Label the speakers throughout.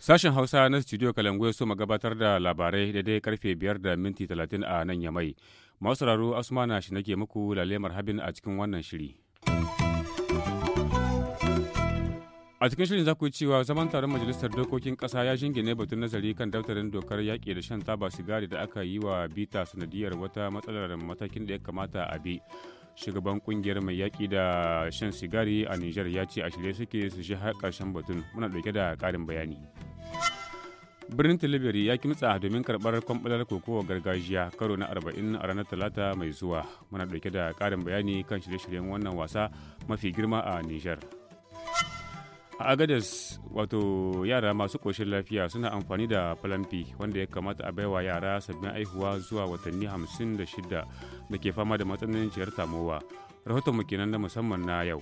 Speaker 1: Sashen Hausa na studio Kalangu ya so gabatar da labarai daidai karfe biyar da minti talatin a nan ya mai Masu raro Asmana shi nake muku lalemar habin a cikin wannan shiri. a cikin shirin za ku yi cewa zaman taron majalisar dokokin kasa ya jingine batun nazari kan daftarin dokar yaƙi da shan taba sigari da aka yi wa bita sanadiyar wata matsalar matakin da ya kamata a bi shugaban kungiyar mai yaƙi da shan sigari a niger ya ce a shirye suke su shi har ƙarshen batun muna dauke da ƙarin bayani birnin tilibiri ya kimtsa domin karɓar kwamfalar kokowa gargajiya karo na arba'in a ranar talata mai zuwa muna dauke da ƙarin bayani kan shirye-shiryen wannan wasa mafi girma a niger a agadas wato yara masu koshin lafiya suna amfani da falampi wanda ya kamata a baiwa yara sabbin aihuwa zuwa watanni 56 da ke fama da ciyar tamowa rahoton mu kenan na musamman na yau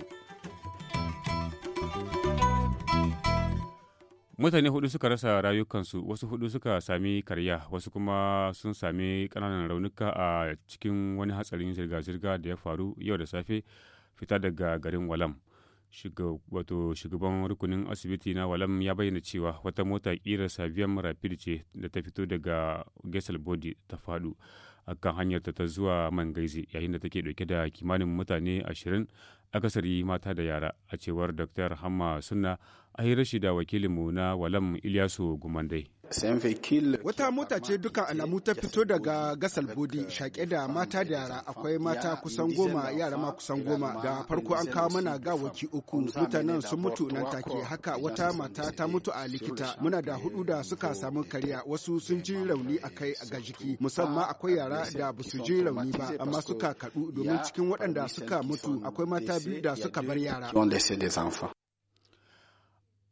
Speaker 1: mutane hudu suka rasa rayukansu wasu hudu suka sami karya wasu kuma sun sami kananan raunuka a cikin wani hatsarin zirga-zirga da ya faru yau da safe fita daga garin walam wato shugaban rukunin asibiti na walam ya bayyana cewa wata mota kira sabiyan rapid ce da ta fito daga gesal body ta fadu a kan hanyar ta zuwa gaize yayin da take dauke da kimanin mutane ashirin akasari mata da yara a cewar dr hamma sunna a yi shi da wakilinmu na walam ilyasu gumandai
Speaker 2: Wata mota ce duka alamu ta fito daga gasal bodi shaƙe da mata da yara akwai mata kusan goma yara ma kusan goma da farko an kawo mana gawaki uku mutanen sun mutu nan take haka wata mata ta mutu a likita muna da hudu da suka samu kariya wasu sun ji rauni a kai ga jiki musamman akwai yara da ba su ji rauni ba amma suka kaɗu domin cikin waɗanda suka mutu akwai mata biyu da suka bar yara.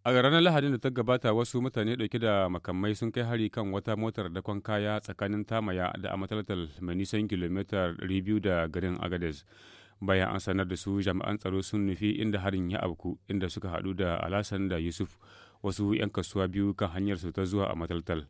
Speaker 1: A ranar Lahadin da ta gabata wasu mutane dauke da makamai sun kai hari kan wata motar dakon kaya tsakanin Tamaya da Amatalatal mai nisan kilomita 200 da garin Agadez. Bayan an sanar da su jami'an tsaro sun nufi inda harin ya abku inda suka haɗu da Alasan da Yusuf wasu 'yan kasuwa biyu kan hanyar su ta zuwa a mataltal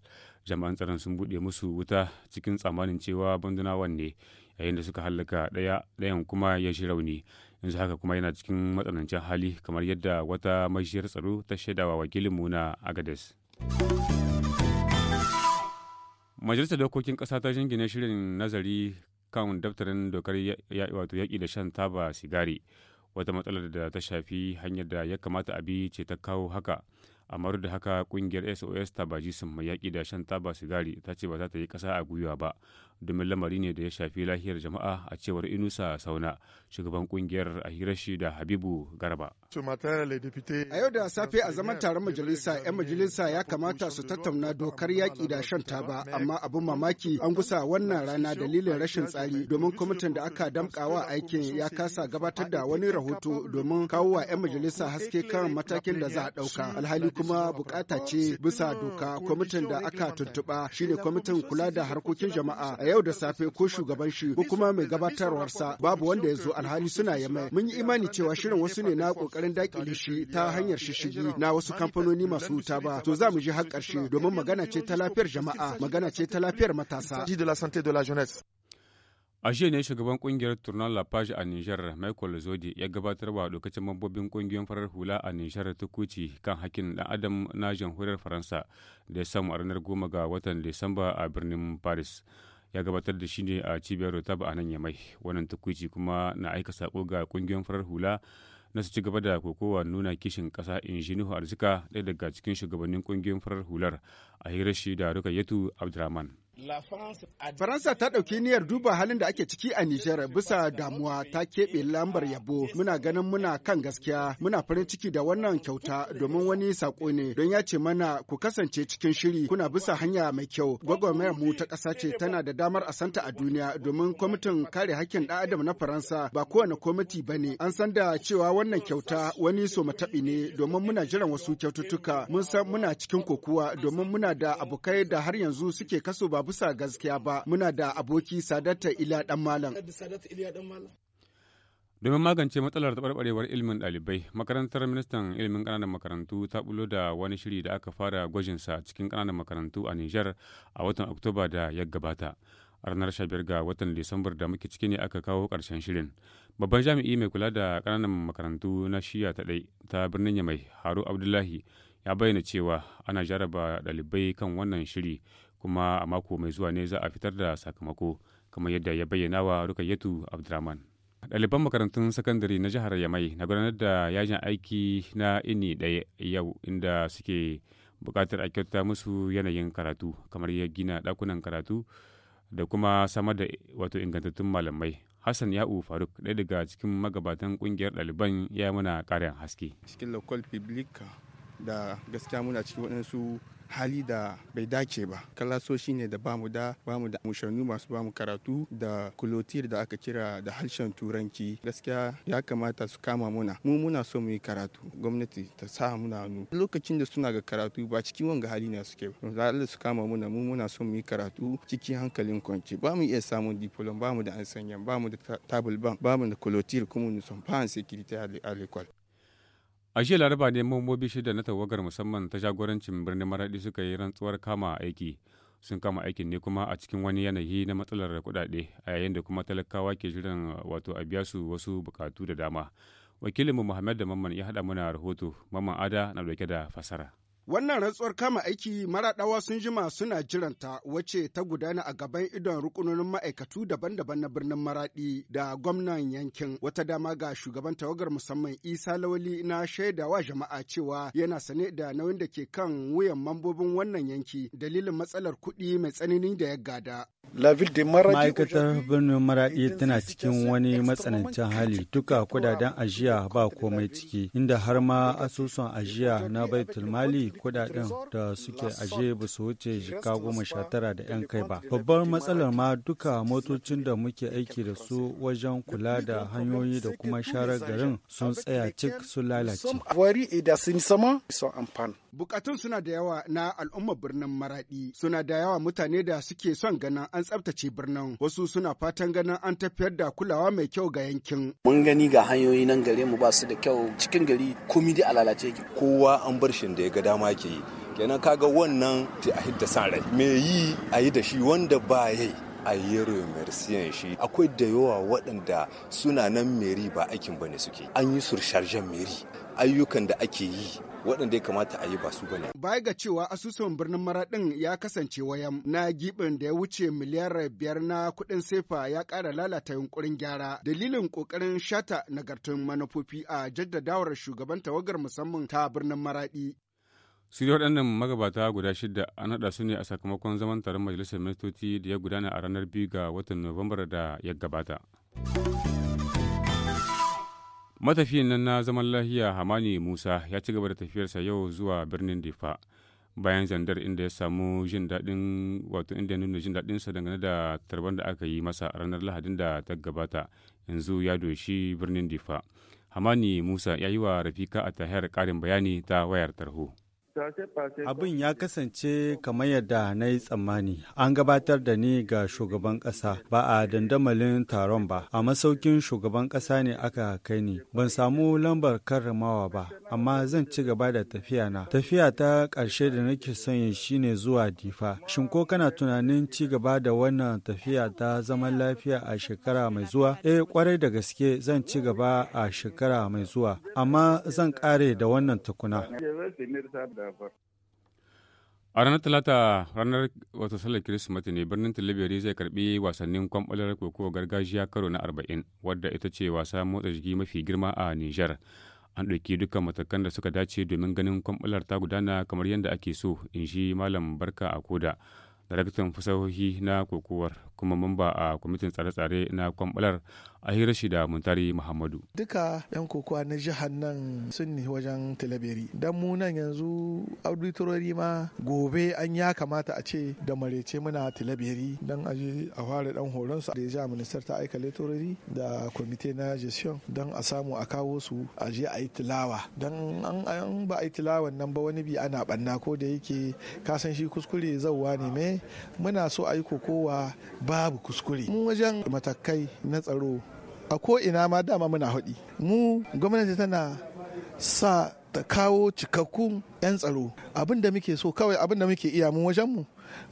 Speaker 1: jami'an tsaron sun buɗe musu wuta cikin tsammanin cewa bandunawan ne yayin da suka hallaka ɗaya ɗayan kuma ya shi rauni yanzu haka kuma yana cikin matsanancin hali kamar yadda wata majiyar tsaro ta shaidawa wakilinmu na agades. majalisar dokokin ƙasa ta jingine shirin nazari kan daftarin dokar wato yaƙi da shan taba sigari wata matsalar da ta shafi hanyar da ya kamata a bi ce ta kawo haka a amar da haka kungiyar sos ta sun mai yaƙi da shan taba sigari ta ce ba za ta yi ƙasa a gwiwa ba domin lamari ne da ya shafi lahiyar jama'a a cewar inusa sauna shugaban kungiyar a hirashi da habibu garba
Speaker 3: a
Speaker 2: yau da safe a zaman taron majalisa 'yan majalisa ya kamata su tattauna dokar yaƙi da shan taba amma abin mamaki an gusa wannan rana dalilin rashin tsari domin kwamitin da aka damƙawa aikin ya kasa gabatar da wani rahoto domin kawo wa 'yan majalisa haske kan matakin da za a ɗauka alhali kuma bukata ce bisa doka kwamitin da aka tuntuɓa shine kwamitin kula da harkokin jama'a da yau da safe ko shugaban shi ko kuma mai gabatarwarsa babu wanda ya zo alhali suna yamai mun yi imani cewa shirin wasu ne na kokarin dakile shi ta hanyar shishigi na wasu kamfanoni masu wuta ba to za mu ji har ƙarshe domin magana ce ta lafiyar jama'a magana ce ta lafiyar matasa
Speaker 1: A jiya ne shugaban kungiyar Tournant La Page a Nijar, Michael Zodi, ya gabatar wa dokacin mabobin kungiyoyin farar hula a ta tukuci kan hakkin dan adam na jamhuriyar Faransa da ya samu a ranar goma ga watan Disamba a birnin Paris. ya gabatar da shi ne a cibiyar rotaba a nan yamai wannan tukwici kuma na aika sako ga kungiyoyin farar hula na su ci gaba da kokowa nuna kishin kasa injinihu arzika daya daga cikin shugabannin kungiyoyin farar hular a hirar shi da rukayyatu abdurrahman
Speaker 2: Faransa ta ɗauki niyyar duba halin da ake ciki a Nijar bisa damuwa ta keɓe lambar yabo. Muna ganin muna kan gaskiya, muna farin ciki da wannan kyauta domin wani sako ne don ya ce mana ku kasance cikin shiri kuna bisa hanya mai kyau. Gwagwarmayar mu ta ƙasa ce tana da damar a santa a duniya domin kwamitin kare hakkin ɗan adam na Faransa ba kowane kwamiti ba ne. An san da cewa wannan kyauta wani so mataɓi ne domin muna jiran wasu kyaututtuka. Mun san muna cikin kokuwa domin muna da abokai da har yanzu suke kaso ba bisa gaskiya ba muna da aboki sadatta ila dan malam
Speaker 1: domin magance matsalar taɓarɓarewar ilimin ɗalibai makarantar ministan ilimin ƙananan makarantu ta bulo da wani shiri da aka fara gwajinsa cikin ƙananan makarantu a niger a watan oktoba da ya gabata a ranar ga watan disambar da muke ciki ne aka kawo ƙarshen shirin babban jami'i mai kula da ƙananan makarantu na shiya ta ɗai ta birnin yamai haru abdullahi ya bayyana cewa ana jaraba ɗalibai kan wannan shiri kuma a mako mai zuwa ne za a fitar da sakamako kamar yadda ya bayyana wa rukayyatu abdurrahman ɗaliban makarantun sakandare na jihar yamai na gudanar da yajin aiki na ini ɗaya yau inda suke buƙatar a kyauta musu yanayin karatu kamar ya gina ɗakunan karatu da kuma samar da wato ingantattun malamai hassan ya'u faruk ɗaya daga cikin magabatan ƙungiyar ɗaliban ya mana ƙarin haske cikin lokal
Speaker 2: public da gaskiya muna cikin waɗansu hali da bai dace ba kalasoshi ne da bamu da bamu da mushannu masu bamu karatu da kulotir da aka kira da harshen turanci gaskiya ya kamata su kama muna mu muna so mu yi karatu gwamnati ta sa muna hannu lokacin da suna ga karatu ba cikin wanga hali ne suke ba za a su kama muna mu muna so mu yi karatu cikin hankalin kwance ba mu iya samun diploma ba mu da an sanya ba mu da table ban ba mu da kulotir kuma mu sommes fa an a l'ekwal.
Speaker 1: A jiya Laraba ne mambobi shida na tawagar musamman ta jagorancin birnin maradi suka yi rantsuwar kama aiki. Sun kama aikin ne kuma a cikin wani yanayi na matsalar kuɗaɗe a yayin da kuma talakawa ke jiran wato a biya su wasu bukatu da dama. Wakilinmu Muhammad da Mamman ya haɗa mana rahoto, Mamman Ada na dauke da fasara.
Speaker 2: Wannan rantsuwar kama aiki maraɗawa sun jima suna jiranta wace ta gudana a gaban idon rukunonin ma'aikatu daban-daban na birnin Maraɗi da gwamnan yankin. Wata dama ga shugaban tawagar musamman Isa Lawali na shaidawa jama'a cewa yana sane da nauyin da ke kan wuyan mambobin wannan yanki dalilin matsalar kuɗi mai tsanani da ya gada.
Speaker 3: Ma'aikatar birnin Maraɗi tana cikin wani matsanancin hali duka kudaden ajiya ba komai ciki inda har ma asusun ajiya na baitulmali kudaden da suke aje ba su wuce jika goma sha tara da 'yan kai ba babbar matsalar ma duka motocin da muke aiki da su wajen kula da hanyoyi da kuma sharar garin sun tsaya cik sun lalace
Speaker 2: bukatun suna da yawa na al'ummar birnin maradi suna da yawa mutane da suke son ganin an tsabtace birnin wasu suna fatan ganin an tafiyar da kulawa mai kyau ga yankin mun gani ga hanyoyi nan gare mu ba su da kyau cikin gari komi da a lalace kowa an bar shin da ya ga dama ma ke yi kenan kaga wannan ta a hidda san rai me yi a yi da shi wanda ba yi a yi remerciyan shi akwai da yawa waɗanda suna nan meri ba aikin ba ne suke an yi surcharge meri ayyukan da ake yi waɗanda ya kamata a yi ba su ba ne. Baya ga cewa asusun birnin maraɗin ya kasance wayan na giɓin da ya wuce miliyar biyar na kuɗin sefa ya ƙara lalata yunkurin gyara dalilin ƙoƙarin shata nagartun manufofi a jaddadawar shugaban tawagar musamman ta birnin maraɗi.
Speaker 1: su waɗannan magabata guda shida an haɗa su ne a sakamakon zaman taron majalisar ministoci da ya gudana a ranar biyu ga watan nuwambar da ya gabata matafiyan nan na zaman lahiya hamani musa ya ci gaba da tafiyarsa yau zuwa birnin difa bayan zandar inda ya samu jin daɗin wato inda ya nuna jin daɗinsa dangane da tarban da aka yi masa ranar lahadin da ta gabata yanzu ya doshi birnin difa hamani musa ya yi wa rafika a tahiyar karin bayani ta wayar tarho
Speaker 3: Abin ya kasance kamar yadda na yi tsammani. An gabatar da ni ga shugaban Kasa, ba a dandamalin taron ba. A masaukin shugaban Kasa ne aka kai ni. Ban samu lambar karramawa ba, amma zan ci gaba da tafiya na. Tafiya ta ƙarshe da nake son yi shine zuwa Difa. Shin ko kana tunanin ci gaba da wannan tafiya ta zaman lafiya a shekara mai zuwa? Eh kwarai da gaske zan ci gaba a shekara mai zuwa, amma zan ƙare da wannan tukuna.
Speaker 1: A ranar Talata ranar wata sallar kirismati ne birnin Tilibiri zai karbi wasannin kwamfalar koko gargajiya karo na arba'in wadda ita ce wasa motsa jiki mafi girma a Nijar. An ɗauki dukkan matakan da suka dace domin ganin kwamfalar ta gudana kamar yadda ake so, in shi Malam Barka a koda daraktan fasahohi na kokowar kuma mamba a kwamitin tsare-tsare na kwambalar a hira shi da muntari muhammadu
Speaker 2: duka yan kokowa na jihar nan sun ne wajen talabiri dan mu nan yanzu auditorori ma gobe an ya kamata a ce da marece muna talabiri dan aje a fara dan horon su da ya ministar ta aika letorori da kwamite na gestion dan a samu a kawo su a je a yi tilawa dan an ba a yi tilawan nan ba wani bi ana banna ko da yake kasan shi kuskure zauwa ne mai muna so a yi kokowa babu kuskure mu wajen matakai na tsaro a ko ina ma dama muna haɗi mu gwamnati tana sa ta kawo cikakkun 'yan tsaro abinda da muke so kawai abinda muke iya mu wajen mu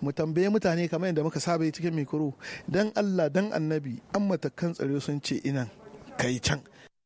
Speaker 2: mu tambaye mutane kamar yadda muka saba cikin mikro dan Allah dan annabi an matakan tsaro sun ce inan kai can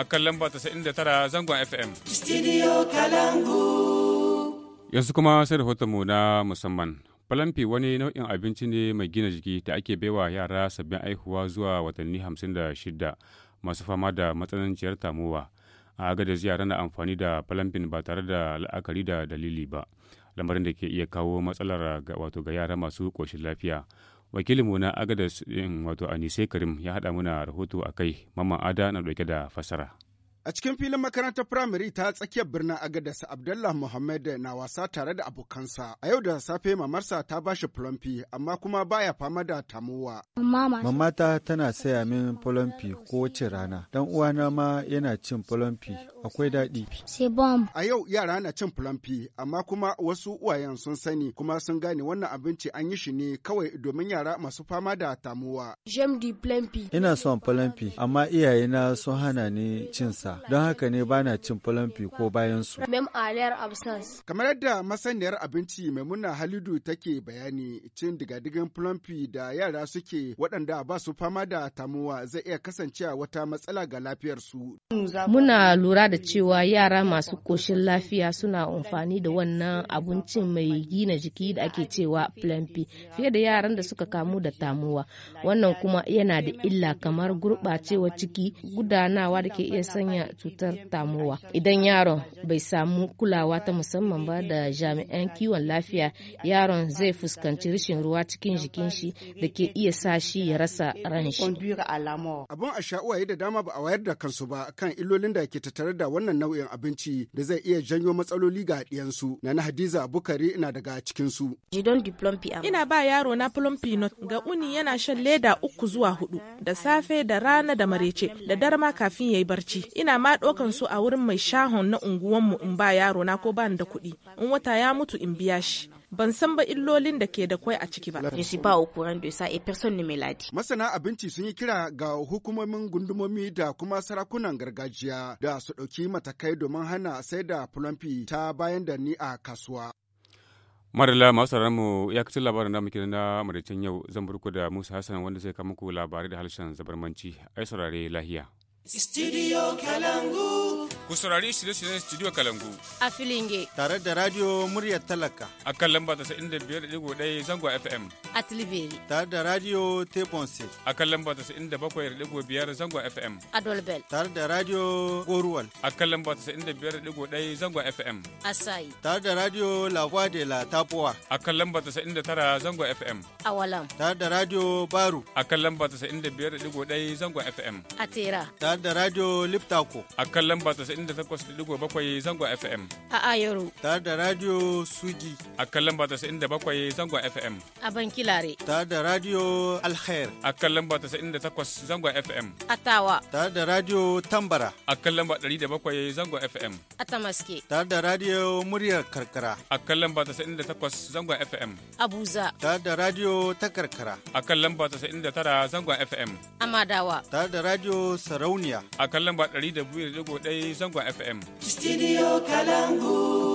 Speaker 1: a kan lamba 99 zangon FM. Yanzu kuma sai mu na musamman. Falamfi wani nau'in abinci ne mai gina jiki da ake baiwa yara sabbin aihuwa zuwa watanni 56 masu fama da matsananciyar tamowa. A da yara na amfani da falamfin ba tare da la'akari da dalili ba. lamarin da ke iya kawo matsalar wato ga yara masu ƙoshin lafiya wakilinmu na agadas wato anise karim ya haɗa muna rahoto a kai mamman ada na ɗauke da fasara
Speaker 2: A cikin filin makarantar firamare ta tsakiyar birnin Agadas Abdullah Muhammad na wasa tare da abokansa. A yau da safe mamarsa ta ba shi fulamfi amma kuma baya fama da tamuwa.
Speaker 3: Mamata tana saya min ko kowace rana. Dan uwana ma yana cin fulamfi akwai daɗi.
Speaker 2: A yau yara na cin fulamfi amma kuma wasu uwayen sun sani kuma sun gane wannan abinci an yi shi ne kawai domin yara masu fama da tamuwa.
Speaker 3: Ina son fulamfi amma iyayena sun hana ni cinsa. rasa, don haka ne bana cin fulamfi ko bayan su.
Speaker 2: Kamar yadda masaniyar abinci mai muna Halidu take bayani, cin digadigan fulamfi da yara suke waɗanda ba su fama da tamuwa zai iya kasancewa wata matsala ga lafiyar su. Muna
Speaker 3: lura da cewa yara masu koshin lafiya suna amfani da wannan abincin mai gina jiki da ake cewa plumpy
Speaker 2: fiye da yaran da suka kamu da tamuwa. Wannan kuma yana da illa kamar gurɓacewa
Speaker 3: ciki gudanawa da ke iya sanya cutar tamowa idan yaron bai samu kulawa ta musamman ba da jami'an kiwon lafiya yaron zai fuskanci rashin ruwa cikin jikin shi da ke iya sa shi ya rasa ran shi
Speaker 2: abin a sha'uwa da dama ba a wayar da kansu ba kan illolin da ke tattare da wannan nau'in abinci da zai iya janyo matsaloli ga ɗiyansu na na hadiza bukari ina daga cikin cikinsu ina ba yaro na plumpi ga uni yana shan leda uku zuwa hudu da safe da rana da marece da darma kafin ya yi barci ina ina ma ɗaukan su a wurin mai shahon na unguwanmu in ba yaro na ko bani da kuɗi in wata ya mutu in biya shi ban san ba illolin da ke da kwai a ciki ba. Je suis pas kuran courant de ça person ne mai Masana abinci sun yi kira ga hukumomin gundumomi da kuma sarakunan gargajiya da su ɗauki matakai domin hana sai da fulamfi ta bayan da ni a kasuwa.
Speaker 1: Madalla masu mu ya kacin labarin da muke na maraicen yau zan burku da Musa Hassan wanda zai kama muku labarai da harshen zabarmanci ai saurare lahiya. Studio Kalangu. Ku saurari shirye-shiryen Studio Kalangu. A Filinge. Tare
Speaker 3: da Radio Muryar
Speaker 1: Talaka. A kan lamba ɗaya zango FM.
Speaker 3: A Tilibiri.
Speaker 1: Tare da Radio Teponse. A kan lamba biyar zango FM.
Speaker 3: A Dolbel. Tare da Radio Goruwal.
Speaker 1: A kan lamba ɗaya zango FM. A Sai. Tare da Radio Lagwa de la Tapuwa. A kan lamba tara zango FM. A Walam. Tare da Radio Baru. A kan lamba ɗaya zango FM. A Tera. Tare da Radio Liptako. A kan lamba 98.7 zango FM.
Speaker 3: A Ayoro.
Speaker 1: Tare da Radio Suji. A kan lamba bakwai zango FM.
Speaker 3: A Bankilare.
Speaker 1: Tare da Radio Alkhair. A kan lamba takwas zango FM. A Tawa. Tare da Radio Tambara. A kan lamba bakwai zango FM.
Speaker 3: A Tamaske.
Speaker 1: Tare da Radio Muryar Karkara. A kan lamba takwas zango FM. A Buza. Tare da
Speaker 3: Radio ta Karkara.
Speaker 1: A kan lamba tara zango FM.
Speaker 3: A Madawa. Tare da Radio Sarauniya.
Speaker 1: A kan lamba 102.1 zango Zangon FM. Studio
Speaker 3: Kalangu.